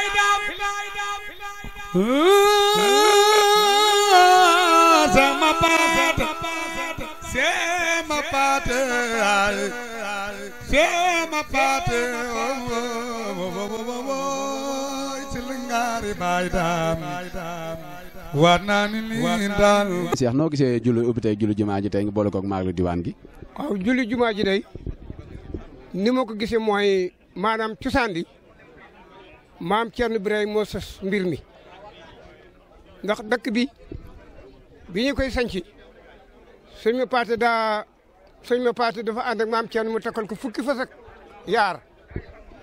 sama paata noo gisee julli ubbi tey julli jumaa ji tey nga boole diwaan gi waaw julli jumaa ji ni ma ko gisee mooy maanaam cosaan di maam Thierno Birahim moo sos mbir mi ndax dëkk bi bi ñu koy sanc sëñ ma paate daa sëñ ma paate dafa ànd ak maam Thierno mu takkal ko fukki fas ak yaar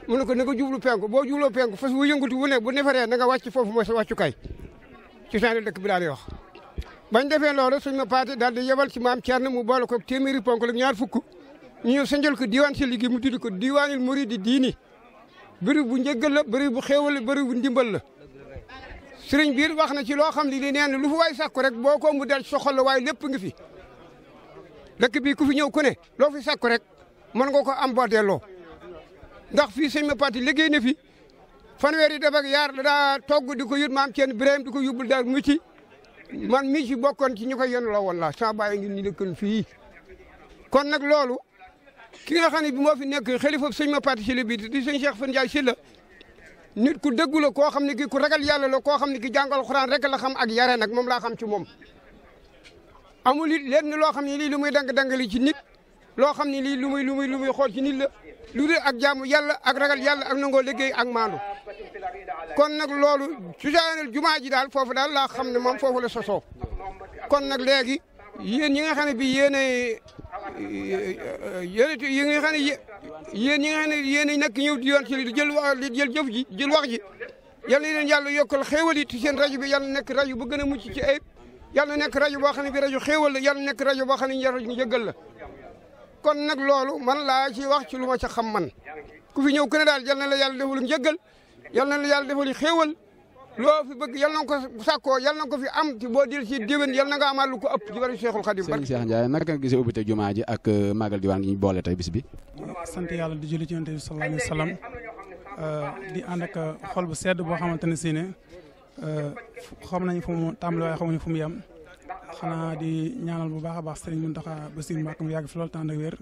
mu ne ko na nga jublu penku boo jubloo penku fas wu yëngatu wu bu neferee na nga wàcc foofu mooy sa wàccukaay ci saani dëkk bi daal di wax bañ defee loolu suñ ma paate daal di yebal ci maam Thierno mu boole ko téeméeri ponk la ñaar fukk ñu ñëw sanjal ko diiwaan si liggéey mu tudd ko diiwaanil di diini bëri bu ñeegal la bëri bu xéewal la bëri bu ndimbal la sëriñ biir wax na ci loo xam ne li neen lu fu waay sakku rek boo ko mu del soxal la waaye lépp nga fi lekk bi ku fi ñëw ku ne loo fi sakku rek mën nga ko am boo delloo ndax fii sëñ parti liggéey na fi Fanu def ak yaar daa togg di ko yut maam Thierno Birahim di ko yóbbul daal mu man mi ci bokkoon ci ñu ko yenu la woon la sama ngi ñu dëkkoon fii kon nag loolu ki nga xam ne bi moo fi nekk xalifa sëñ ma parti Sylla bi di sëñ Cheikh Fan Ndiaye Sylla nit ku dëggu la koo xam ne ki ku ragal yàlla la koo xam ne ki jàngal xuraan rek la xam ak yare nag moom la xam ci moom amul it lenn loo xam ne lii lu muy dang-dangali ci nit loo xam ni lii lu muy lu muy lu muy xool ci nit la lu dul ak jaamu yalla ak ragal yàlla ak nangoo liggéey ak maandu kon nag loolu su jaanal jumaa ji daal foofu daal laa xam ne moom foofu la sosoo kon nag léegi yéen ñi nga xam bi yéenay yéen yi nga xam ne yéen ñi nga ne yéen a nekk ñëw di yoon ci li jël wa jël jëf ji jël wax ji yàlla leen yàlla yokkal xéewal it seen rajo bi yàlla nekk rajo bu gën a mucc ci ayib yàlla nekk rajo boo xam ne bi rajo xéewal la nekk rajo boo xam ne ñu jëggal la kon nag loolu man laa ci wax ci lu ma ca xam man ku ñëw ku daal yal na la yàlla defal njëggal yal la yàlla defal xéewal lo fi bëgg yalla na ko sàkkoo yal na ko fi am ci bo dil ci diwen yalla nga amal lu ko upp ci bari Cheikhul Khadim barke Cheikh Ndiaye nak nga gisee ubbite jumaa ji ak euh, magal diwan gi ñu boole tay bis bi sante yalla di jël ci yonte bi sallallahu alayhi wasallam euh di and ak euh, xol bu sedd boo xamante ne euh xam nañ fu mu tàmbali waaye xamuñu fu mu yam xana di ñaanal bu baaxa baax Serigne Mountakha basir Mbacké mu yàgg fi lol tan ak wer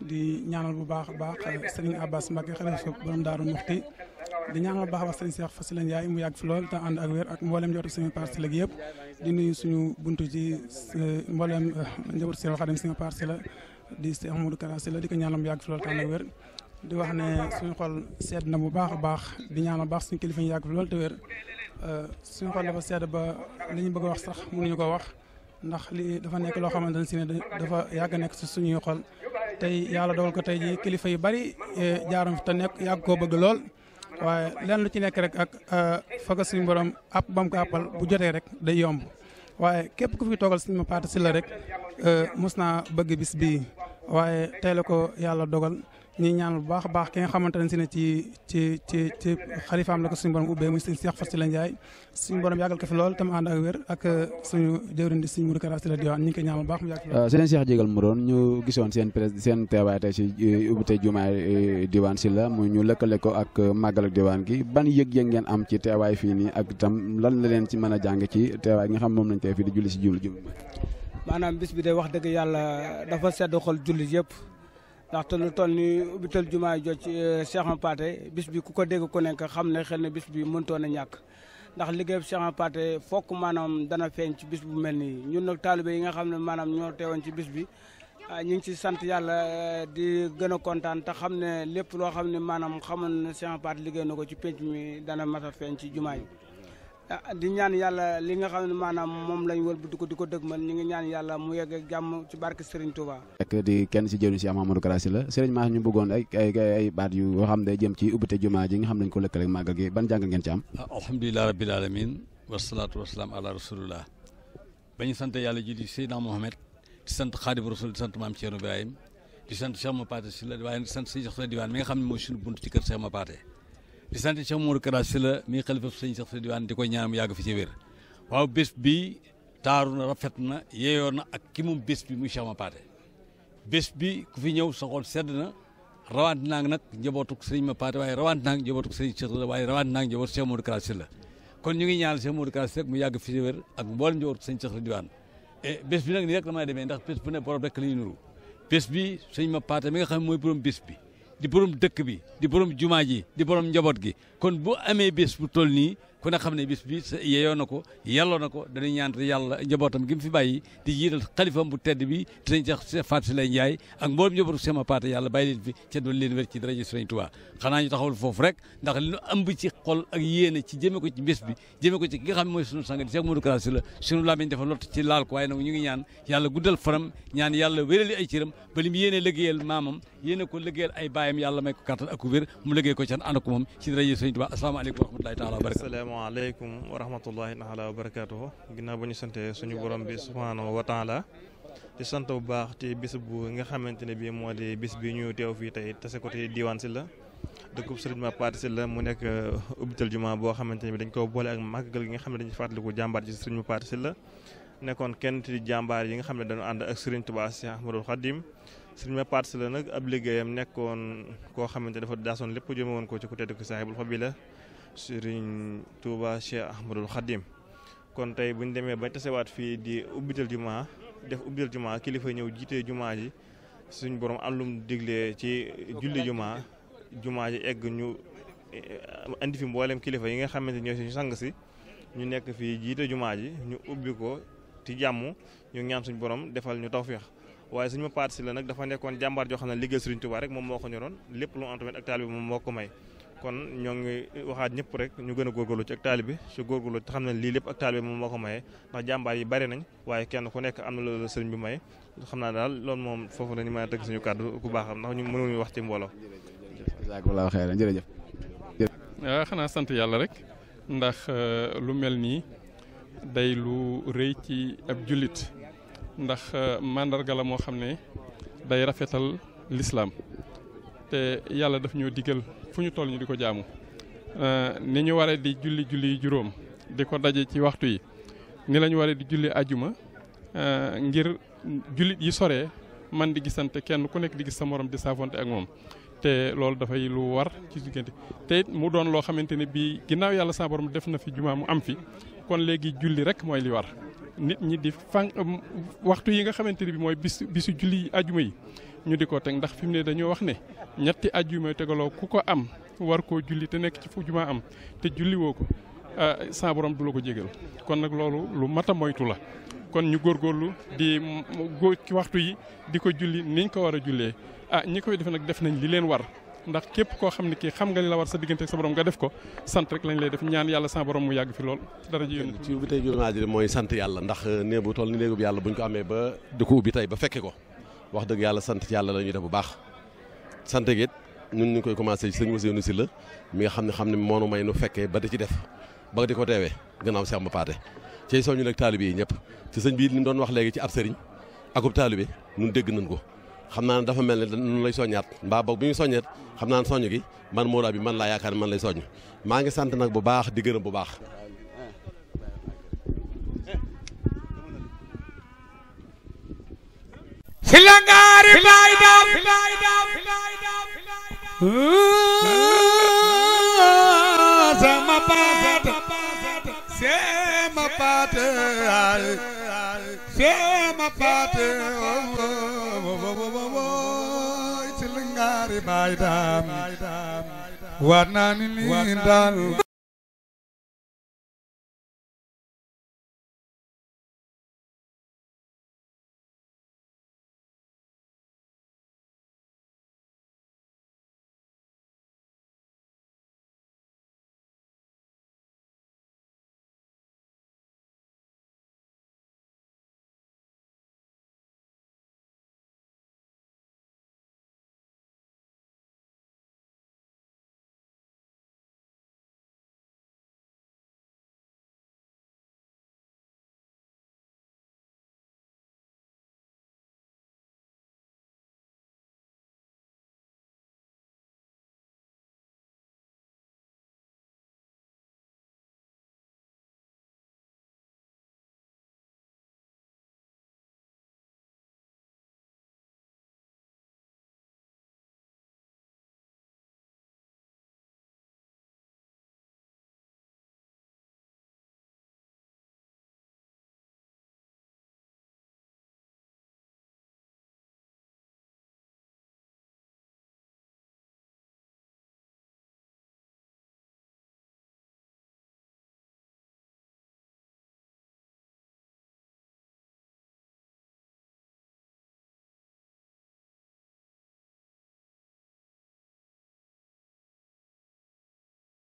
di ñaanal bu baaxa baax euh, Serigne Abbas Mbacké xalifa borom Daaru Muxti di ñaanal baax wax sëñ Cheikh Fassila Ndiaye mu yàgg fi lool te ànd ak wér ak mboolem njabootu suñu parcelle ak yëpp di nuyu suñu buntu ci euh, mboolem euh, njabootu Serigne di Cheikh Modou mu yàgg fi lool te di wax ne suñu xol sedd na bu baax a baax di ñaanal baax suñu kilifa ñu yàgg fi lool te wér euh, suñu xol dafa sedd ba li ñu bëgg a wax sax ñu ko wax ndax li dafa nekk loo xamante ne si ne dafa yàgg nekk si suñuy xol tey yàlla dogal ko tey ji kilifa yu bari jaaram fi te nekk yàgg koo bëgg lool waaye lenn lu ci nekk rek ak euh, faga suñu borom àpp bam ko àppal bu jotee rek day yomb waaye képp ku fi toogal suñu ma paata si la rek euh, mos naa bëgg bis waaye tey la ko yàlla dogal ñuy ñaan bu baax baax ki nga xamante ne si ne ci ci ci ci xalifaam la ko suñu borom ubbee muy suñu Cheikh Fassila Ndiaye suñu borom yàggal ko fi lool tam ànd ak wér ak uh, suñu jëwriñ di suñu Mourou Kara Sylla Diwane ñu ngi koy ñaan bu baax mu yàgg uh, seen Cheikh jégal mu doon ñu gisoon seen presse seen teewaay tey si uh, ubbite jumaay diwaan si la mu ñu lëkkale ko ak màggal ak diwaan gi ban yeg yëg ngeen am ci tewa fii nii ak itam lan la leen ci mën a jàng ci teewaay nga xam moom lañ tey fii di julli si jublu jublu bis bi de wax dëgg yàlla dafa sedd xol julli yëpp ndaxte lu toll ni ubital jumaa joj eh, Cheikh Pathé bis bi ku ko dégg ko nekk xam ne xel ne bis bi mëntoon a ñàkk ndax liggéey Cheikh Pathé fok maanaam dana feeñ ci bis bu mel nii ñun nag taalibe yi nga xam ne maanaam ñoo teewoon ci bis bi ah, ñu ngi ci sant yàlla eh, di gën a kontaan te xam ne lépp loo xam ne maanaam xamoon na Cheikh Pathé liggéey na ko ci penc mi dana mas feeñ ci jumaa yi Ah, di ñaan yàlla li nga xam ne maanaam moom lañ wël di ko di ko dëgmal ñu ngi ñaan yàlla mu yegg ak jàmm ci barke Serigne Touba. ak di kenn si jëwriñ si Amadou Kara Sylla Serigne Mass ñu bëggoon ay baat yu yoo xam ne jëm ci ubbite jumaa ji nga xam nañ ko lëkkale ak màggal gi ban jàng ngeen ci ah, sant yàlla ji di Seydina Mohamed di sant Xaadimu Rasul di sant maam Thierno Ibrahim di sant Cheikh Mapaté Sylla waaye di sant Sëñ Sa Diwaan mi nga xam ne mooy suñu bunt ci kër Cheikh Mapaté di sant Cheikh Modou Kara Sylla mi xalifa sëñ Cheikh Sidi Wane ko ñaan mu yàgg fi ci waaw bés bi taaru na rafet na yeeyoo na ak ki moom bés bi muy Cheikh Ma Paate bés bi ku fi ñëw sa sedd na rawatina naa ngi nag njabootu sëriñ Ma Paate waaye rawatina naa ngi njabootu sëriñ Cheikh la waaye rawatina naa ngi njabootu Cheikh ñu ngi ñaan Cheikh mu yàgg fi ci ak mboolem njabootu sëñ Cheikh Sidi Wane et eh, bi nag nii rek la may demee ndax bés bu ne borom rek la ñuy nuru bés bi sëñ Ma Paate mi nga xam ne mooy borom bés bi di borom dëkk bi di borom jumaa ji di borom njaboot gi kon bu amee bés bu tool nii kon ne xam ne bis bi yeyoo na ko yelloo na ko dañuy ñaan yàlla njabootam gi mu fi bàyyi di jiital xalifam bu tedd bi te dañ sax Fatou Seye Ndiaye ak mboolem njabootu Sema Paate yàlla bàyyi leen fi ca doon leen wér ci daraja Sëriñ Tuubaa xanaa ñu taxawul foofu rek ndax li ñu ëmb ci xol ak yéene ci jëme ko ci bis bi jëme ko ci ki nga xam ne mooy sunu sang di Cheikh Modou Kara Sylla la sunu lamiñ dafa lot ci laal ko waaye nag ñu ngi ñaan yàlla ba li mu yéene liggéeyal maamam yéene ko liggéeyal السلام عليكم ورحمة الله تعالى وبركاته جنا بني سنت سني برام بس فانا وطالا تسنت وباخ تي بس بو نغ خامن تني بي مودي بس بي نيو تي اوفي تي تسكو تي ديوان سيلا دكوب سرين ما بات سيلا منك ابتل جمع بو خامن تني بدن كوب ولا ما كقول نغ خامن تني فات لكو جامبار جس سرين ما بات سيلا نكون كن تي جامبار ينغ خامن دانو عند سرين تباس يا مرو خادم سرين ما بات سيلا نغ ابلي جيم نكون كو خامن تني فات داسون لبوجي مون كو تكو تدك سايبل فبيلا Serigne Touba Cheikh Ahmadul Khadim kon tey bu ñu demee bañ tasewaat fii di ubbital juma def ubbital juma kilifa ñëw jiite jumaa ji suñ borom am lu mu ci julli juma jumaa ji egg ñu eh, indi fi mboolem kilifa yi nga xamante ñoo suñu sang si ñu nekk fii jiite jumaa ji ñu ubbi ko ci jàmm ñu ñaan suñ borom defal ñu tawféex waaye suñu ma paat si la nag dafa nekkoon jàmbaar joo xam ne liggéey Serigne Touba rek moom moo ko ñoroon lépp lu mu am tamit ak taal moom moo ko may. kon ñoo ngi waxaat ñëpp rek ñu gën a góorgóorlu ci ak taalibe ci góorgóorlu te xam ne lii lépp ak taalibe moom moo ko maye ndax jàmbaar yi bari nañ waaye kenn ku nekk am na loolu la sëriñ bi maye xam naa daal loolu moom foofu la ñu mën a tëgg suñu kàddu ku baaxam ndax ñu mënuñu wax ci mbooloo. jazaakallaahu xayran jërëjëf. waaw ah, xanaa sant yàlla rek ndax euh, lu mel nii day lu rëy ci ab jullit ndax euh, mandarga la moo xam ne day rafetal lislaam te yàlla daf ñoo diggal fu ñu toll ñu di ko jaamu eh, ni ñu waree di julli julli juróom di ko daje ci waxtu yi ni la ñu waree di julli ajuma eh, ngir jullit yi soree man di gisante kenn ku nekk di gis sa morom di saafonte ak moom te loolu dafay lu war ci diggante te mu doon loo xamante ne bii ginnaaw yàlla sa borom def na fi jumaa mu am fi kon léegi julli rek mooy li war nit ñi di fan waxtu yi nga xamante ni bi mooy bis bisu julli ajuma yi ñu diko tek ndax fi dañu wax ne ñetti ku am war ko julli te nek ci fu am te julli woko euh ah, sa borom du ko kon nak lolu lu mata moytu la kon ñu góorgóorlu di go ci waxtu yi di julli niñ ko wara a ah ñi koy def nak def nañ li leen war ndax képp ko xamni ki xam nga li la war sa digënté ak sa borom nga def ko sant rek lañ lay def ñaan yalla sa borom mu yag fi lool dara ji yoonu ci tay ji moy sant yalla ndax toll ni legub yalla buñ ko amé ba di ko tay ba fekke ko wax dëgg yàlla sant ci yàlla la ñuy def bu baax sant gi it ñun ñu ngi koy commencé sëñ si la mi nga xam ne xam ne moonu may nu fekkee ba di ci def ba di ko teewee gannaaw Cheikh Mba Paate ci soñu nag taalibe yi ñëpp ci sañ bi li mu doon wax léegi ci ab sëriñ akub taalibe ñun dégg nañ ko xam naa ne dafa mel ne nun lay soññaat mbaa boog bi ñu soññeet xam naa ne soññ gi man moo bi man laa yaakaar ne man lay soññ maa ngi sant nag bu baax di gërëm bu baax Silangar Baidam Samapat Samapat Samapat Silangar Baidam Warna Nilindal